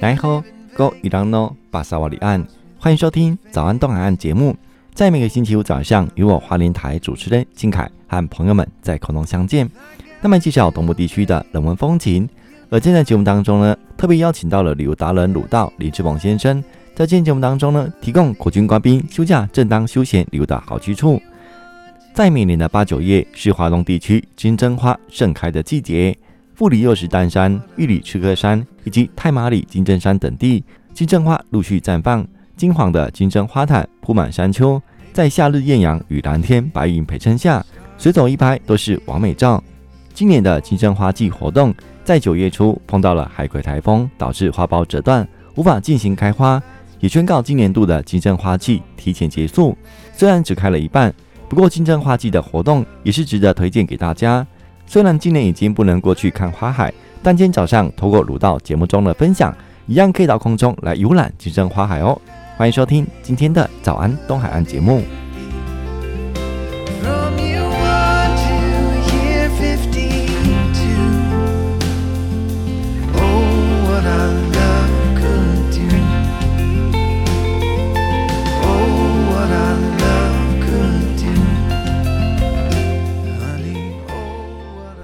然後，哥伊朗諾巴沙瓦里岸，歡迎收聽《早安東海岸》節目，在每個星期五早上，與我花蓮台主持人金凱和朋友們在空中相見，那麼介紹東部地區的人文風情。而今天的節目當中呢，特別邀請到了旅遊達人魯道李志廣先生，在今天節目當中呢，提供國軍官兵休假正當休閒旅遊的好去處。在每年的八九月是華東地區金針花盛開的季節，富里六十石山、玉里赤科山以及太麻里金針山等地金針花陸續綻放，金黃的金針花毯鋪滿山丘，在夏日艷陽與藍天白雲陪襯下，隨手一拍都是網美照。今年的金針花季活動在九月初碰到了海葵台風，導致花苞折斷，無法進行開花，也宣告今年度的金針花季提前結束。雖然只開了一半，不過金針花季的活動也是值得推薦給大家。雖然今年已經不能過去看花海，但今天早上透過魯道節目中的分享，一樣可以到空中來遊覽金針花海哦。歡迎收聽今天的早安東海岸節目。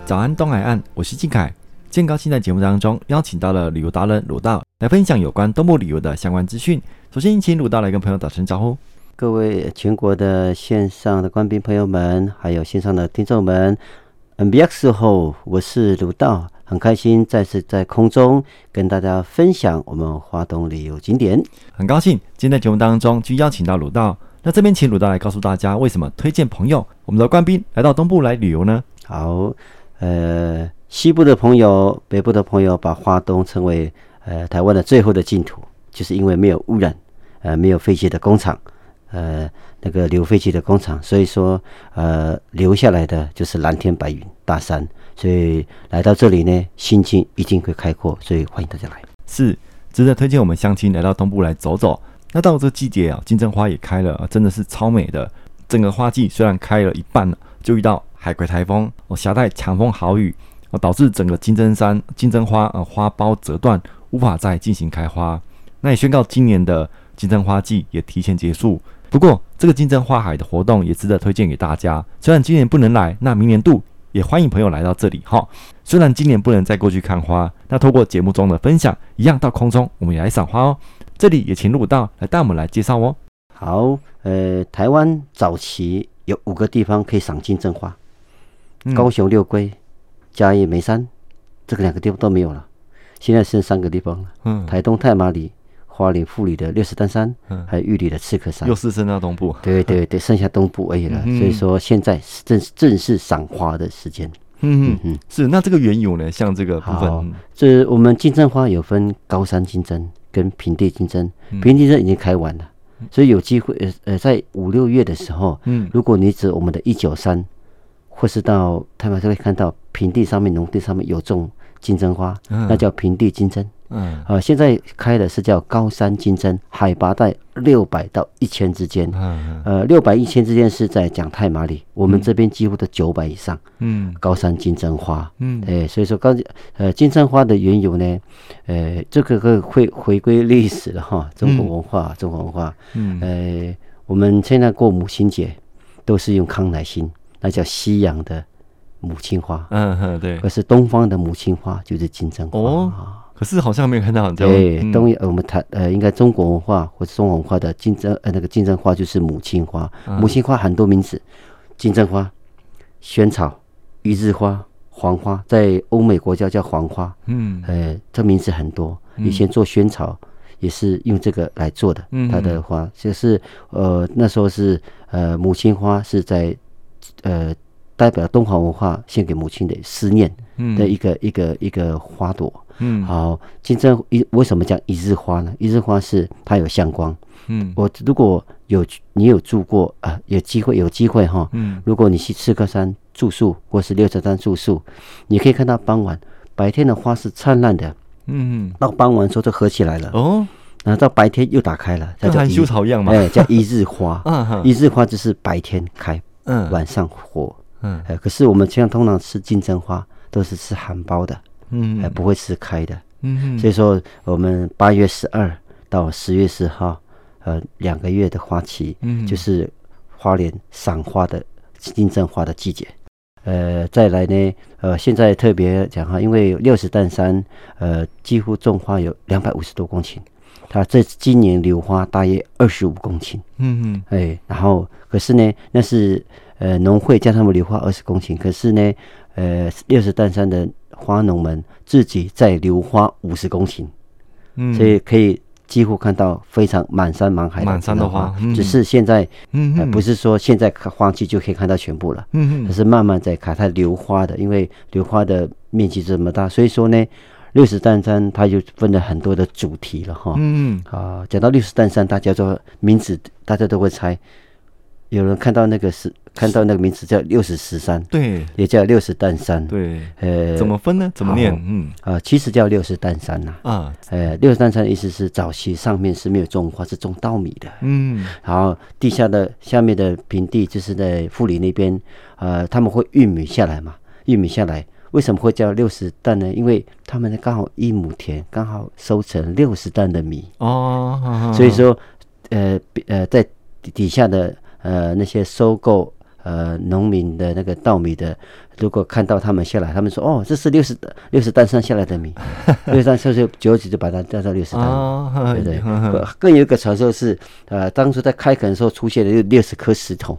早安東海岸，我是靖凱。今天高興在節目當中邀請到了旅遊達人魯道來分享有關東部旅遊的相關資訊。首先，請魯道來跟朋友打聲招呼。各位全國的線上的官兵朋友們，還有線上的聽眾們，N B X 後，我是魯道，很開心再次在空中跟大家分享我們花東旅遊景點。很高興今天在節目當中就邀請到魯道。那這邊請魯道來告訴大家，為什麼推薦朋友我們的官兵來到東部來旅遊呢？好。呃，西部的朋友、北部的朋友把花東稱為呃台灣的最後的淨土，就是因為沒有污染，呃，沒有廢棄的工廠，呃，那個留廢棄的工廠，所以說呃留下來的就是藍天白雲、大山，所以來到這裡呢，心情一定會開闊，所以歡迎大家來。是，值得推薦我們鄉親來到東部來走走。那到這季節啊，金針花也開了啊，真的是超美的。整個花季雖然開了一半了，就遇到。海葵台風，我夾帶強風豪雨，我導致整個金針山金針花，呃，花苞折斷，無法再進行開花。那也宣告今年的金針花季也提前結束。不過，這個金針花海的活動也值得推薦給大家。雖然今年不能來，那明年度也歡迎朋友來到這裡哈。雖然今年不能再過去看花，那透過節目中的分享，一樣到空中我們也來賞花哦。這裡也請魯道來帶我們來介紹哦。好，呃，台灣早期有五個地方可以賞金針花。高雄六龜、嘉、嗯、義梅山，這個兩個地方都沒有了，現在剩三個地方了。嗯，台東太麻里、花蓮富里的六十石山、嗯，還有玉里的赤科山。又是剩到東部。對對對，剩下東部而已了。嗯，所以說現在正正是賞花的時間。嗯嗯嗯，是。那這個緣由呢，像這個部分，這我們金針花有分高山金針跟平地金針，平地金針已經開完了，所以有機會呃呃，在五六月的時候，如果你指我們的一九三。或是到太麻就會看到平地上面，農地上面有種金針花，嗯，那叫平地金針。嗯，啊，現在開的是叫高山金針，海拔在六百到一千之間。嗯，呃，六百一千之間是在講太麻里，嗯，我們這邊幾乎都九百以上。嗯，高山金針花。嗯，嗯呃，所以說高呃金針花的緣由呢，呃，這個會回歸歷史了哈。中國文化，嗯，中國文化。嗯，呃，我們現在過母親節都是用康乃馨。那叫西洋的母親花，嗯對，可是東方的母親花就是金針花哦，哦，可是好像沒有看到很多，對，嗯、東我們談呃，應該中國文化或者中文化的金針呃，那個金針花就是母親花、嗯，母親花很多名字，金針花、萱草、一日花、黃花，在歐美國家叫黃花，嗯，呃，它名字很多，以前做萱草也是用這個來做的，嗯、它的花就是呃那時候是呃母親花是在。呃，代表東華文化獻給母親的思念的一個、嗯、一個一個，一個花朵。嗯，好，金針一為什麼叫一日花呢？一日花是它有向光。嗯，我如果有你有住過啊，有機會有機會哈。嗯，如果你去赤科山住宿或是六十石山住宿，你可以看到傍晚白天的花是燦爛的。嗯，到傍晚時候就合起來了哦，然後到白天又打開了，跟含羞草一樣嘛、哎。叫一日花。嗯 一日花就是白天開。嗯，晚上火，嗯，嗯、呃，可是我們像通常吃金針花，都是吃含苞的，嗯、呃，還不會吃開的，嗯，所以說我們八月十二到十月十號，呃，兩個月的花期，嗯，就是花蓮賞花的金針花的季節、嗯，呃，再來呢，呃，現在特別講哈，因為有六十石山，呃，幾乎種花有兩百五十多公頃。他這今年留花大約二十五公頃，嗯嗯，哎，然後可是呢，那是呃農會叫他們留花二十公頃，可是呢，呃六十石山的花農們自己在留花五十公頃，嗯，所以可以幾乎看到非常滿山滿海的花滿山的，嗯，只是現在、呃、不是說現在花期就可以看到全部了，嗯嗯，是慢慢在開，它留花的，因為留花的面積這麼大，所以說呢。六十擔山，它就分了很多的主題了哈。嗯，啊，講到六十擔山，大家說名字，大家都會猜。有人看到那個是看到那個名字叫六十石山，對，也叫六十擔山，對。呃，怎麼分呢？怎麼念？嗯、呃，啊，其實叫六十擔山吶。啊，呃，六十擔山的意思是早期上面是沒有種花，是種稻米的。嗯，嗯，然後地下的下面的平地就是在富里那邊，呃，他們會玉米下來嘛？玉米下來。為什麼會叫六十石呢？因為他們剛好一畝田，剛好收成六十石的米哦呵呵，所以說，呃，呃，在底下的呃那些收購呃農民的那個稻米的，如果看到他們下來，他們說哦，這是六十六十石上下來的米，六十石收收九幾就把它帶到六十石，對對呵呵。更有一個傳說是，呃，當初在開墾的時候出現了六十顆石頭。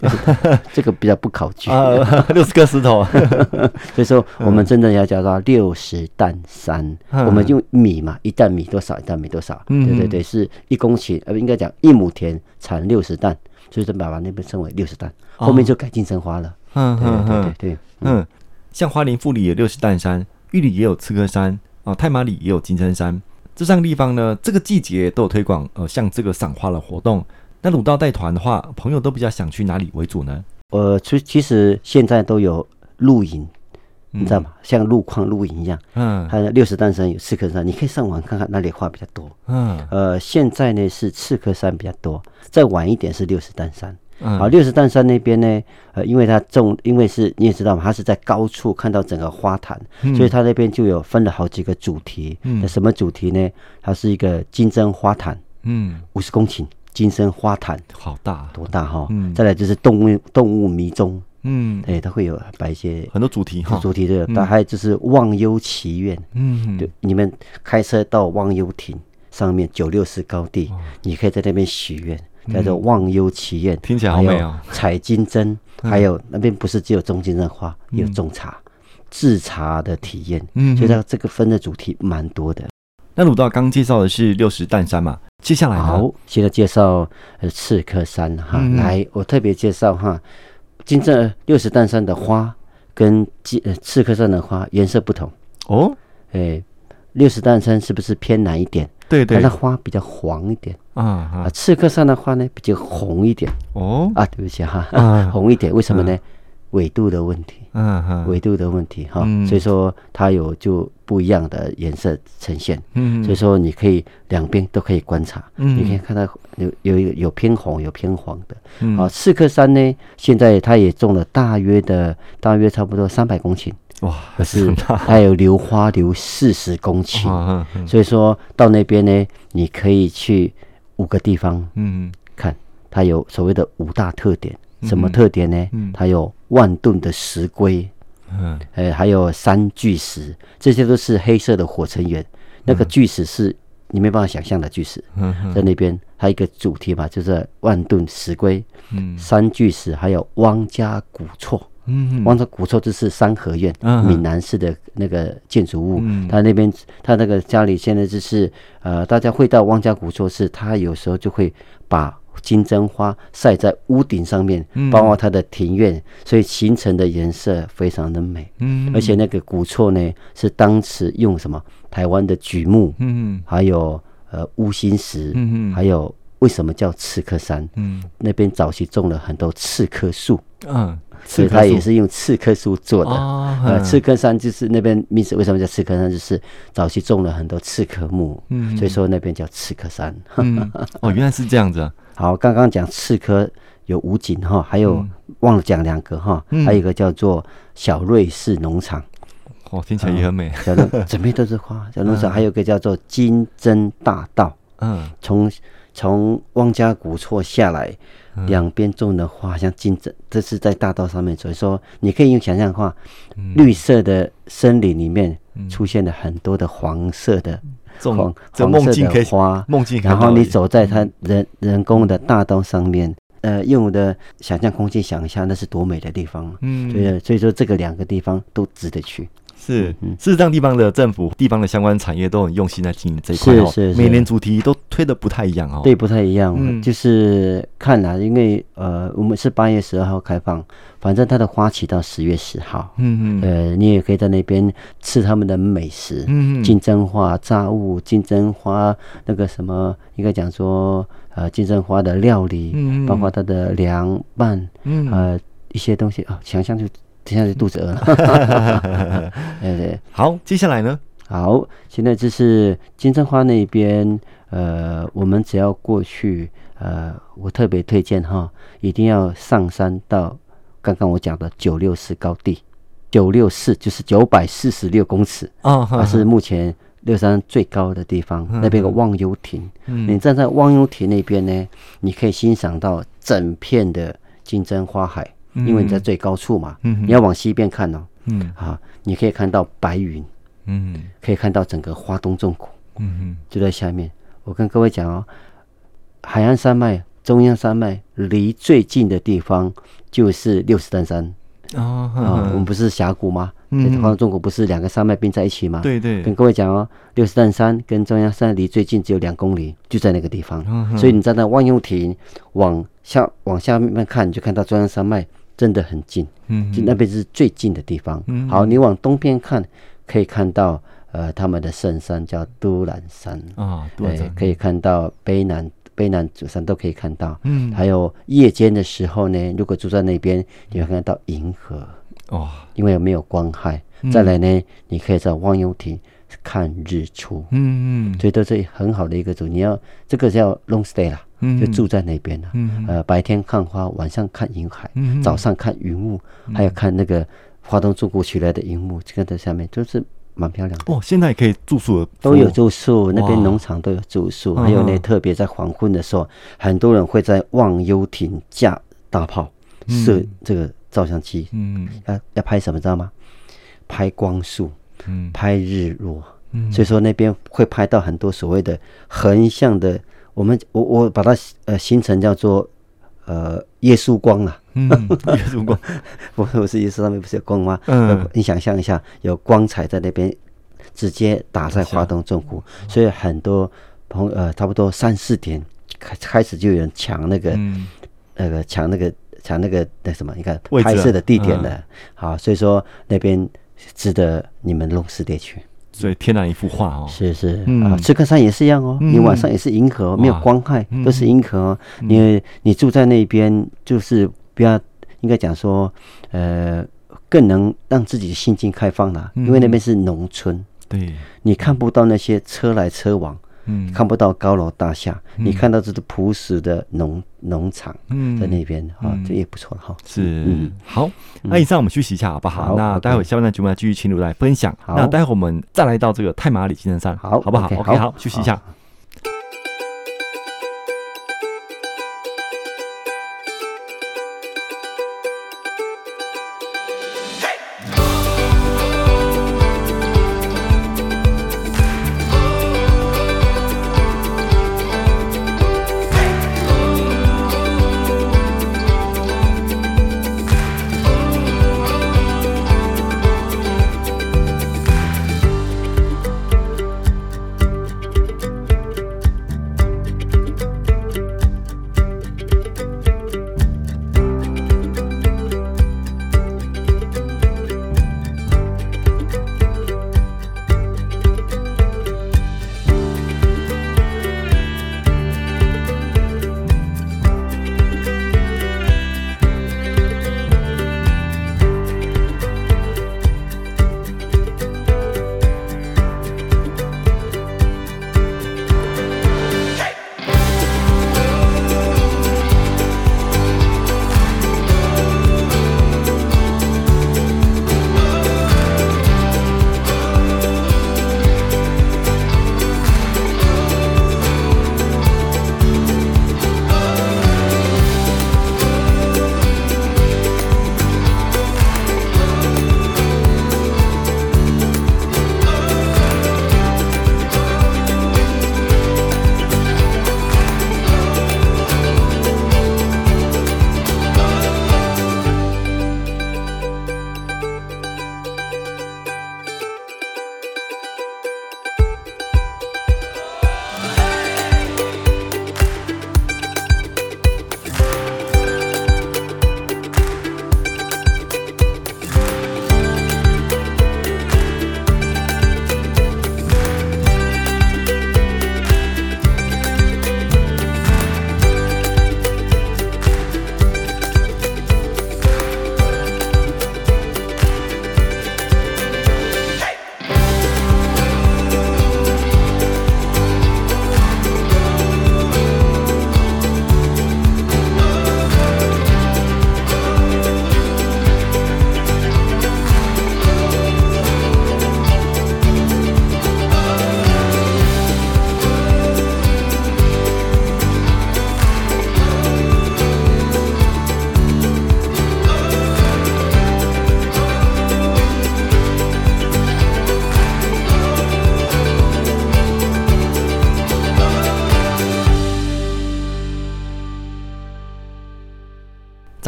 這個比較不考據啊，六十個石頭 所以說我們真的要叫它六十擔山、嗯。我們用米嘛，一擔米多少？一擔米多少、嗯？對對對、嗯，是一公頃，呃，應該講一畝田產六十擔，所以說把那邊稱為六十擔、哦。後面就改金針花了。嗯嗯嗯對，對，嗯，像花蓮富里有六十擔山，玉里也有赤科山啊，太麻里也有金針山，這三個地方呢，這個季節都有推廣呃，像這個賞花的活動。那魯道帶團的話，朋友都比較想去哪裡為主呢？呃，其其實現在都有露營，嗯、你知道嗎？像路況露營一樣，嗯，還有六十石山、有赤科山，你可以上網看看哪裡花比較多。嗯，呃，現在呢是赤科山比較多，再晚一點是六十石山。嗯，好，六十石山那邊呢，呃，因為它重，因為是你也知道嘛，它是在高處看到整個花毯，嗯、所以它那邊就有分了好幾個主題。嗯，什麼主題呢？它是一個金針花毯。嗯，五十公頃。金針花毯，好大、啊，多大哈、嗯？再來就是動物動物迷蹤，嗯，哎、欸，它會有擺一些很多主題哈，主題對，還、嗯、有就是忘憂祈願，嗯，對，你們開車到忘憂亭上面九六四高地、哦，你可以在那邊許願，叫做忘憂祈願、嗯，聽起來好美哦。採金針、嗯，還有那邊不是只有種金針花，有種茶，制、嗯、茶的體驗，嗯，就像這個分的主題蠻多的。那魯道剛介紹的是六十石山嘛？接下來好，現在介紹赤科山、嗯、哈。來，我特別介紹哈，金正六十石山的花跟呃赤科山的花顏色不同哦。哎、欸，六十石山是不是偏藍一點？對對,對，那花比較黃一點啊啊。赤科山的花呢比較紅一點哦啊，對不起哈、啊啊，紅一點，為什麼呢？啊緯度的問題，嗯，緯度的問題哈、嗯，所以說它有就不一樣的顏色呈現，嗯，所以說你可以兩邊都可以觀察，嗯，你可以看到有有有偏紅有偏黃的，啊、嗯，赤科山呢，現在它也種了大約的大約差不多三百公頃，哇，可是它有留花留四十公頃，所以說到那邊呢，你可以去五個地方看，嗯，看它有所謂的五大特點、嗯，什麼特點呢？嗯，它有。萬噸的石龜，嗯，哎，還有三巨石，這些都是黑色的火成岩。那個巨石是你沒辦法想象的巨石，在那邊，它一個主題嘛，就是萬噸石龜，嗯，三巨石，還有汪家古厝，嗯，汪家古厝就是三合院，閩南式的那個建築物。他那邊，他那個家裡現在就是，呃，大家會到汪家古厝是，他有時候就會把。金針花曬在屋頂上面，包括它的庭院，所以形成的顏色非常的美，而且那個古厝呢，是當時用什麼？台灣的櫸木，還有呃烏心石，還有。為什麼叫赤科山？嗯，那邊早期種了很多赤科樹，嗯，所以它也是用赤科樹做的，哦呃。赤科山就是那邊名字。為什麼叫赤科山？就是早期種了很多赤科木，嗯，所以說那邊叫赤科山。嗯、 哦，原來是這樣子啊。好，剛剛講赤科有武警哈，還有，嗯、忘了講兩個哈，還有一個叫做小瑞士農場，嗯，哦，聽起來也很美。嗯、小農場整邊都是花，小農場，嗯、還有一個叫做金針大道，嗯，從。從汪家古厝下來，嗯、兩邊種的花像金針，這是在大道上面。所以說，你可以用想象的話、嗯，綠色的森林裡面出現了很多的黃色的、嗯、黃夢境可以黃色的花，然後你走在他人在他人，、嗯、人工的大道上面，呃，用我的想象空間想一下，那是多美的地方。嗯，對。所以說，這個兩個地方都值得去。是，是這樣，地方的政府、地方的相關產業都很用心在經營這一塊、哦、是，是是，每年主題都推得不太一樣哦。對，不太一樣、嗯。就是看來，因為呃，我們是八月十二號開放，反正它的花期到十月十號。嗯嗯。呃，你也可以在那邊吃他們的美食，金、嗯、針花炸物、金針花那個什麼，應該講說呃金針花的料理，嗯、哼，包括它的涼拌，呃、嗯、哼一些東西啊，想、呃、想就。現在是肚子餓了。哈哈對，對，好，接下來呢？好，現在就是金針花那邊。呃，我們只要過去。呃，我特別推薦哈，一定要上山到剛剛我講的九六四高地。九六四就是九百四十六公尺，哦、oh，啊，是目前六十石山最高的地方。呵呵那邊有個忘憂亭、嗯，你站在忘憂亭那邊呢，你可以欣賞到整片的金針花海。因為你在最高處嘛，嗯、你要往西邊看哦、嗯，啊，你可以看到白雲，嗯、可以看到整個花東縱谷、嗯，就在下面。我跟各位講哦，海岸山脈、中央山脈離最近的地方就是六十石山、哦、啊、嗯、我們不是峽谷嗎？花、嗯、東、欸、縱谷不是兩個山脈並在一起嗎？對、嗯、對。跟各位講哦，六十石山跟中央山脈離最近只有兩公里，就在那個地方。嗯、所以你站在那忘憂亭往下往下面看，你就看到中央山脈。真的很近，嗯，就那邊是最近的地方。嗯，好，你往東邊看，可以看到呃他們的聖山叫都蘭山哦，對、欸，可以看到卑南卑南祖山都可以看到。嗯，還有夜間的時候呢，如果住在那邊，你會看到銀河哦，因為沒有光害。再來呢，你可以在忘憂亭看日出，嗯嗯，所以都是很好的一個組。你要這個叫 long stay 啦。就住在那邊、啊嗯嗯、呃，白天看花，晚上看雲海、嗯嗯，早上看雲霧、嗯，還有看那個花東縱谷出來的雲霧，個、嗯、在下面，就是蠻漂亮的。哦，現在也可以住宿了，都有住宿，嗯、那邊農場都有住宿，還有呢，特別在黃昏的時候，嗯、很多人會在忘憂亭架大炮，射、嗯、這個照相機，嗯，要、啊、要拍什麼知道嗎？拍光束，嗯，拍日落，嗯，所以說那邊會拍到很多所謂的橫向的。我們我我把它呃形成叫做呃耶穌光了，嗯，耶穌光， 不是耶穌上面不是有光嗎、嗯呃？你想象一下，有光彩在那邊直接打在花東縱谷，所以很多朋呃差不多三四點開開始就有人搶那個那個、嗯呃、搶那個搶那個那什麼，你看拍攝的地點的、嗯，好，所以說那邊值得你們弄世界去。所以天然一幅畫哦，是是、嗯、啊，赤科山也是一樣哦，嗯、你晚上也是銀河、哦，沒有光害，都是銀河、哦嗯。你你住在那邊，就是不要，應該講說，呃，更能讓自己的心境開放啦、嗯，因為那邊是農村，對，你看不到那些車來車往。嗯、看不到高樓大廈、嗯，你看到這個樸實的農農場。嗯，在那邊、嗯、啊，這也不錯哈、啊。是，嗯，好，那以上我們休息一下好不好？嗯、好，那待會下面的節目要繼續停留來分享。好，那待會我們再來到這個太麻里金針山，好，好不好？OK，okay 好，好，好，休息一下。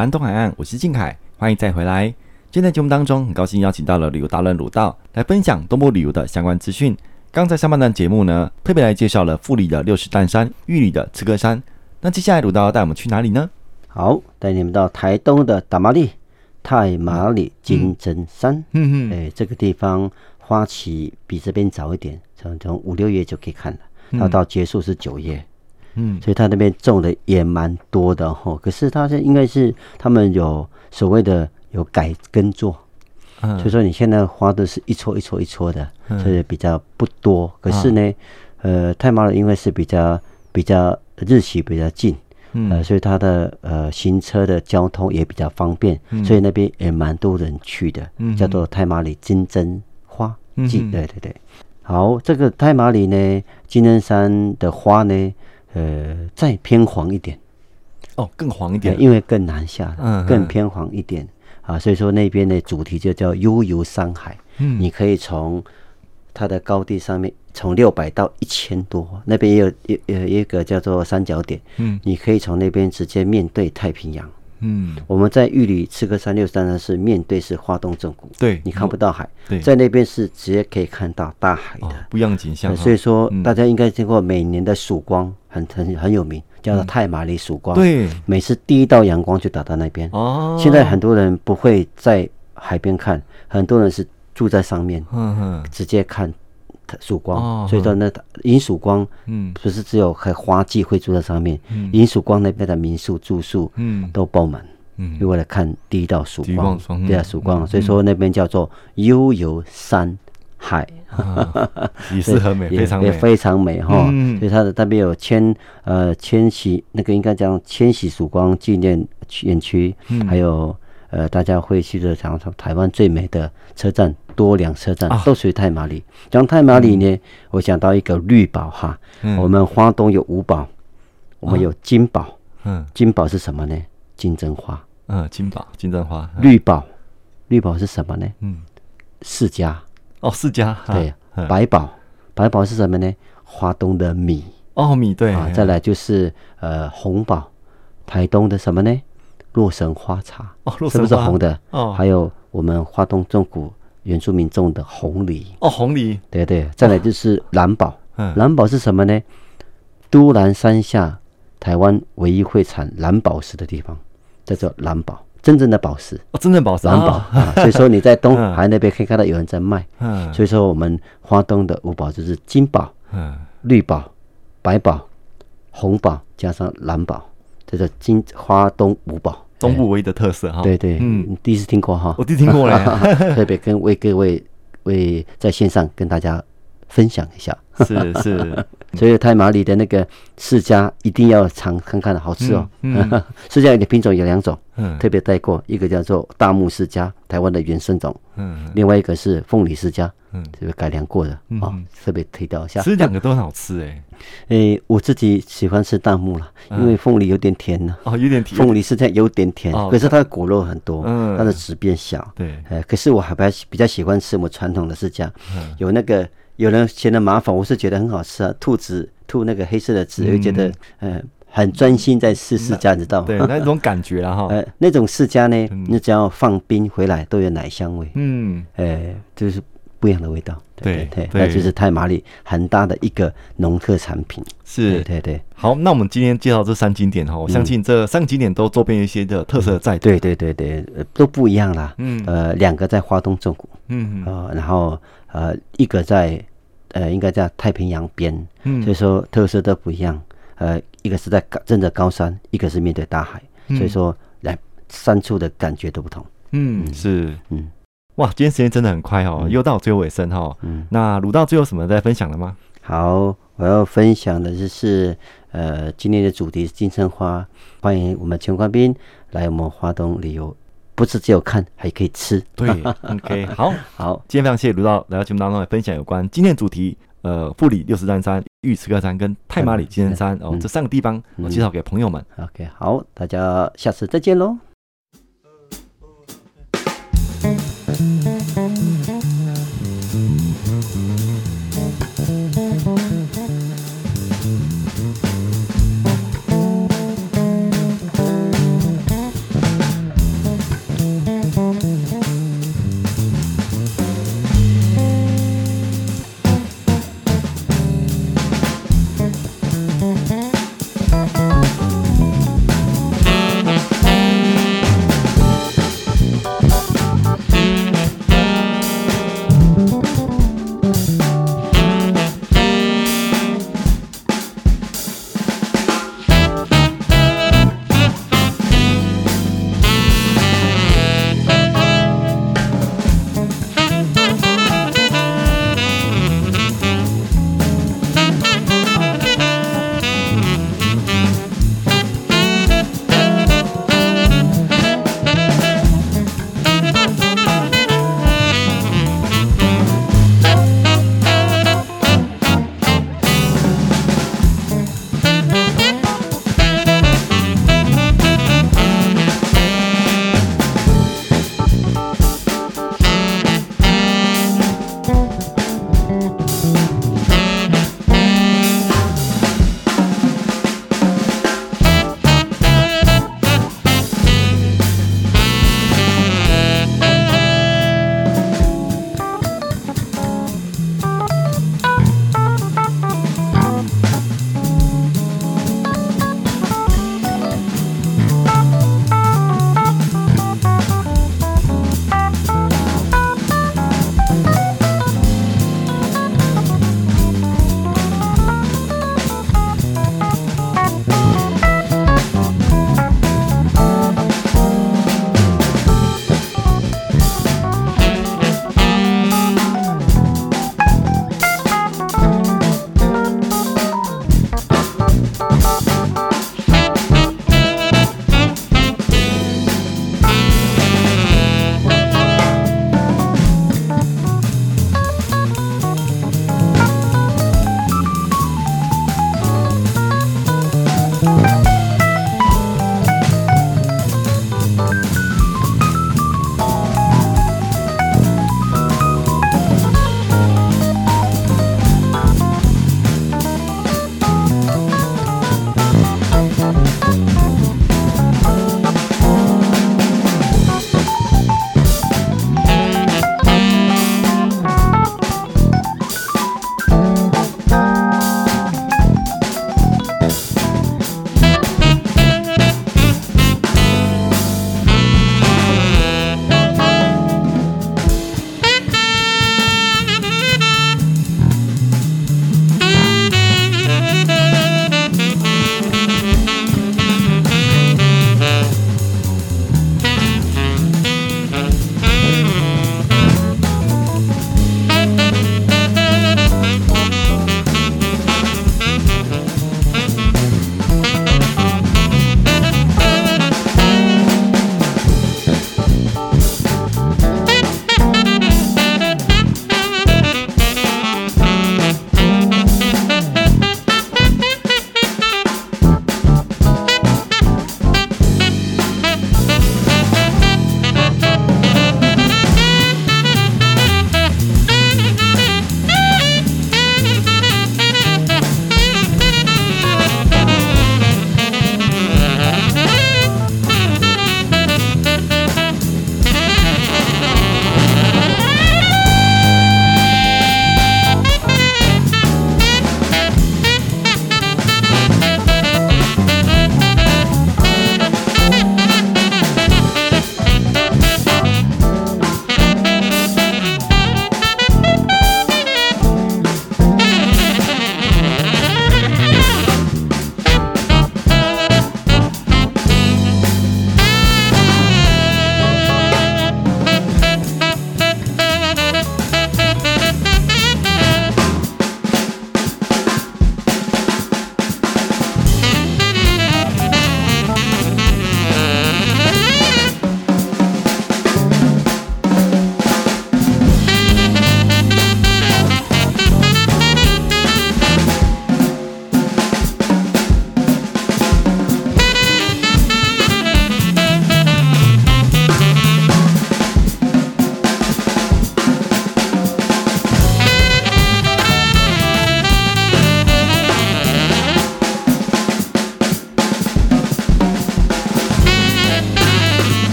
南東海岸，我是靖凱，歡迎再回來。今天在節目當中，很高興邀請到了旅遊達人魯道來分享東部旅遊的相關資訊。剛才上半段節目呢，特別來介紹了富里的六十石山、玉里的赤科山。那接下來魯道要帶我們去哪裡呢？好，帶你們到台東的太麻里、太麻里金針山。嗯嗯、嗯，哎，這個地方花期比這邊早一點，從從五六月就可以看了，到到結束是九月。嗯，所以他那邊種的也蠻多的吼，可是他是應該是他們有所謂的有改耕作、嗯，所以說你現在花都是一撮一撮一撮的，所以比較不多。可是呢，啊、呃，太麻里因為是比較比較日期比較近，嗯，呃、所以它的呃行車的交通也比較方便，所以那邊也蠻多人去的，叫做太麻里金針花。嗯，對對對，好，這個太麻里呢，金針山的花呢。呃，再偏黃一點，哦，更黃一點，因為更南下，嗯，更偏黃一點啊，所以說那邊的主題就叫悠游山海，嗯，你可以從它的高地上面，從六百到一千多，那邊也有有有一個叫做三角點，嗯，你可以從那邊直接面對太平洋。嗯，我們在玉里吃個三六三呢，是面對是花東縱谷，對，你看不到海，對，在那邊是直接可以看到大海的，哦、不一樣景象。所以說，嗯、大家應該聽過每年的曙光很很很有名，叫做太麻里曙光，對、嗯，每次第一道陽光就打到那邊。哦，現在很多人不會在海邊看，很多人是住在上面，嗯、哦、嗯，直接看。曙光，所以說那銀曙光，嗯，不是只有開花季會住在上面，銀、嗯嗯、曙光那邊的民宿住宿，嗯，都爆滿，嗯，如果來看第一道曙光，第二、嗯啊、曙光、嗯，所以說那邊叫做悠游山海，也、嗯、是、嗯啊、很美 也非常美，非常美哈、嗯，所以它的那邊有千呃，千禧，那個應該叫千禧曙光紀念園區、嗯，還有。呃，大家會去的，常常台灣最美的車站，多良車站，啊，都屬於太麻里。講太麻里呢，嗯，我想到一個綠寶哈，嗯，我們花東有五寶，我們有金寶，啊、嗯，金寶是什麼呢？金針花，嗯、啊，金寶金針花。綠寶，嗯，綠寶是什麼呢？嗯，釋迦。哦，釋迦。啊、對、啊，白、嗯、寶，白寶是什麼呢？花東的米。哦，米對、啊。再來就是、嗯、呃紅寶，台東的什麼呢？洛神花茶，哦，洛神花，是不是紅的，哦？還有我們花東縱谷原住民種的紅藜哦，紅藜，對，對對，再來就是藍寶，啊，藍寶是什麼呢？都蘭山下，台灣唯一會產藍寶石的地方，叫做藍寶，真正的寶石哦，真正的寶石，藍寶，啊、所以說你在東海那邊可以看到有人在賣呵呵，所以說我們花東的五寶就是金寶、嗯、綠寶、白寶、紅寶加上藍寶。這叫金花東五寶，東部唯一的特色哈。對，對對，嗯，第一次聽過哈。我第一次聽過了， 特別跟為各位為在線上跟大家分享一下。是是。 所以太麻里的那個釋迦一定要嘗看看，好吃哦。釋、嗯、迦、嗯、 的品種有兩種，嗯、特別帶過，一個叫做大木釋迦，台灣的原生種、嗯；另外一個是鳳梨釋迦，這、嗯、個改良過的啊、嗯哦，特別提到一下。吃兩個都很好吃哎、欸。誒、欸，我自己喜歡吃大木了、嗯，因為鳳梨有點甜呢、啊。哦，有點甜。鳳梨是這樣有點甜、哦，可是它的果肉很多，嗯、它的籽變小。對、呃。可是我還比較比較喜歡吃我們傳統的釋迦、嗯，有那個。有人嫌的麻煩，我是覺得很好吃啊。吐籽吐那個黑色的籽，又、嗯、覺得呃很專心在試試，這樣子道嗎、嗯。對，那那種感覺了哈。呃，那種釋迦呢、嗯，你只要放冰回來都有奶香味。嗯，呃、欸，就是不一樣的味道。嗯、對對,對,對,對,對,對，那就是太麻裡很大的一個農特產品。是，對,對對。好，那我們今天介紹這三景點哈，我相信這三景點都周邊一些的特色在、嗯。對對對對、呃，都不一樣啦。嗯，呃，兩個在花東縱谷。嗯嗯。啊、呃，然後呃，一個在。呃，應該叫太平洋邊，嗯，所以說特色都不一樣。呃，一個是在正的高山，一個是面對大海，嗯，所以說來三處的感覺都不同嗯。嗯，是，嗯，哇，今天時間真的很快哦，嗯，又到最後尾聲哈，哦。嗯，那魯道最後什麼在分享了嗎？好，我要分享的就是呃，今天的主題是金針花，歡迎我們國軍官兵來我們花東旅遊。不是只有看，還可以吃。 對，OK，好好，今天非常謝謝魯道來到節目當中來分享有關今天主題，呃，富裡六十石山、玉裡赤科山跟太麻裡金針山、嗯、哦、嗯、這三個地方，我、嗯、介紹給朋友們。OK，好，大家下次再見嘍。嗯